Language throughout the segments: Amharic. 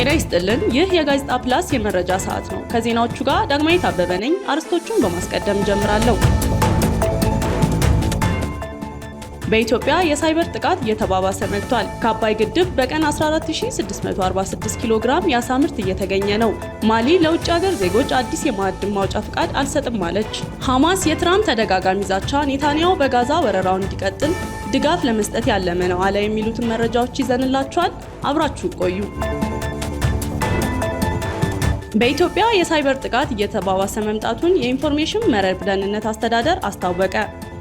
ጤና ይስጥልን። ይህ የጋዜጣ ፕላስ የመረጃ ሰዓት ነው። ከዜናዎቹ ጋር ዳግማዊት አበበ ነኝ። አርዕስቶቹን በማስቀደም ጀምራለሁ። በኢትዮጵያ የሳይበር ጥቃት እየተባባሰ መጥቷል። ከአባይ ግድብ በቀን 14646 ኪሎ ግራም የአሳ ምርት እየተገኘ ነው። ማሊ ለውጭ ሀገር ዜጎች አዲስ የማዕድን ማውጫ ፍቃድ አልሰጥም አለች። ሐማስ የትራምፕ ተደጋጋሚ ዛቻ ኔታንያሁ በጋዛ ወረራውን እንዲቀጥል ድጋፍ ለመስጠት ያለመ ነው አለ። የሚሉትን መረጃዎች ይዘንላችኋል። አብራችሁ ቆዩ። በኢትዮጵያ የሳይበር ጥቃት እየተባባሰ መምጣቱን የኢንፎርሜሽን መረብ ደህንነት አስተዳደር አስታወቀ።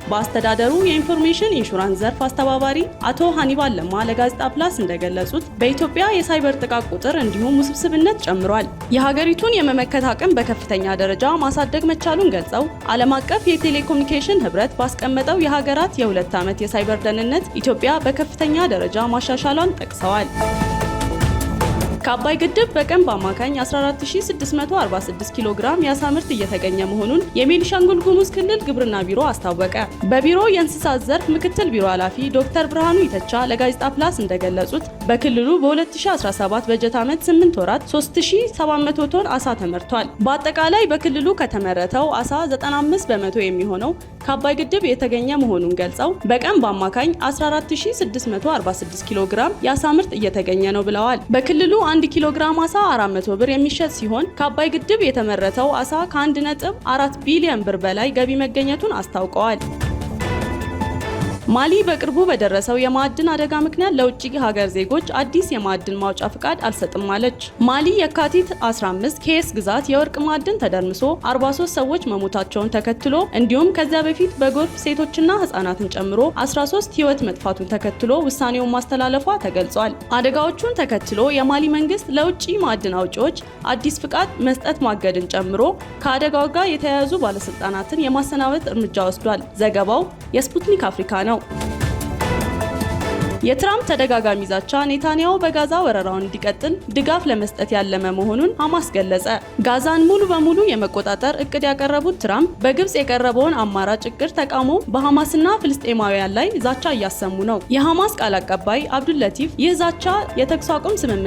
በአስተዳደሩ የኢንፎርሜሽን ኢንሹራንስ ዘርፍ አስተባባሪ አቶ ሃኒባል ለማ ለጋዜጣ ፕላስ እንደገለጹት በኢትዮጵያ የሳይበር ጥቃት ቁጥር እንዲሁም ውስብስብነት ጨምሯል። የሀገሪቱን የመመከት አቅም በከፍተኛ ደረጃ ማሳደግ መቻሉን ገልጸው ዓለም አቀፍ የቴሌኮሙኒኬሽን ህብረት ባስቀመጠው የሀገራት የሁለት ዓመት የሳይበር ደህንነት ኢትዮጵያ በከፍተኛ ደረጃ ማሻሻሏን ጠቅሰዋል። ከአባይ ግድብ በቀን በአማካኝ 14646 ኪሎ ግራም የአሳ ምርት እየተገኘ መሆኑን የቤኒሻንጉል ጉሙዝ ክልል ግብርና ቢሮ አስታወቀ። በቢሮው የእንስሳት ዘርፍ ምክትል ቢሮ ኃላፊ ዶክተር ብርሃኑ ይተቻ ለጋዜጣ ፕላስ እንደገለጹት በክልሉ በ2017 በጀት ዓመት 8 ወራት 3700 ቶን አሳ ተመርቷል። በአጠቃላይ በክልሉ ከተመረተው አሳ 95 በመቶ የሚሆነው ከአባይ ግድብ የተገኘ መሆኑን ገልጸው በቀን በአማካኝ 14646 ኪሎ ግራም የአሳ ምርት እየተገኘ ነው ብለዋል። በክልሉ አንድ ኪሎ ግራም አሳ 400 ብር የሚሸጥ ሲሆን ከአባይ ግድብ የተመረተው አሳ ከ1.4 ቢሊዮን ብር በላይ ገቢ መገኘቱን አስታውቀዋል። ማሊ በቅርቡ በደረሰው የማዕድን አደጋ ምክንያት ለውጭ ሀገር ዜጎች አዲስ የማዕድን ማውጫ ፍቃድ አልሰጥም አለች። ማሊ የካቲት 15 ኬስ ግዛት የወርቅ ማዕድን ተደርምሶ 43 ሰዎች መሞታቸውን ተከትሎ እንዲሁም ከዚያ በፊት በጎርፍ ሴቶችና ህጻናትን ጨምሮ 13 ህይወት መጥፋቱን ተከትሎ ውሳኔውን ማስተላለፏ ተገልጿል። አደጋዎቹን ተከትሎ የማሊ መንግስት ለውጭ ማዕድን አውጪዎች አዲስ ፍቃድ መስጠት ማገድን ጨምሮ ከአደጋው ጋር የተያያዙ ባለስልጣናትን የማሰናበት እርምጃ ወስዷል። ዘገባው የስፑትኒክ አፍሪካ ነው። ነው። የትራምፕ ተደጋጋሚ ዛቻ ኔታንያሁ በጋዛ ወረራውን እንዲቀጥል ድጋፍ ለመስጠት ያለመ መሆኑን ሐማስ ገለጸ። ጋዛን ሙሉ በሙሉ የመቆጣጠር እቅድ ያቀረቡት ትራምፕ በግብፅ የቀረበውን አማራጭ እቅድ ተቃውሞ በሐማስና ፍልስጤማውያን ላይ ዛቻ እያሰሙ ነው። የሐማስ ቃል አቀባይ አብዱል ለቲፍ ይህ ዛቻ የተኩስ አቁም ስምምነት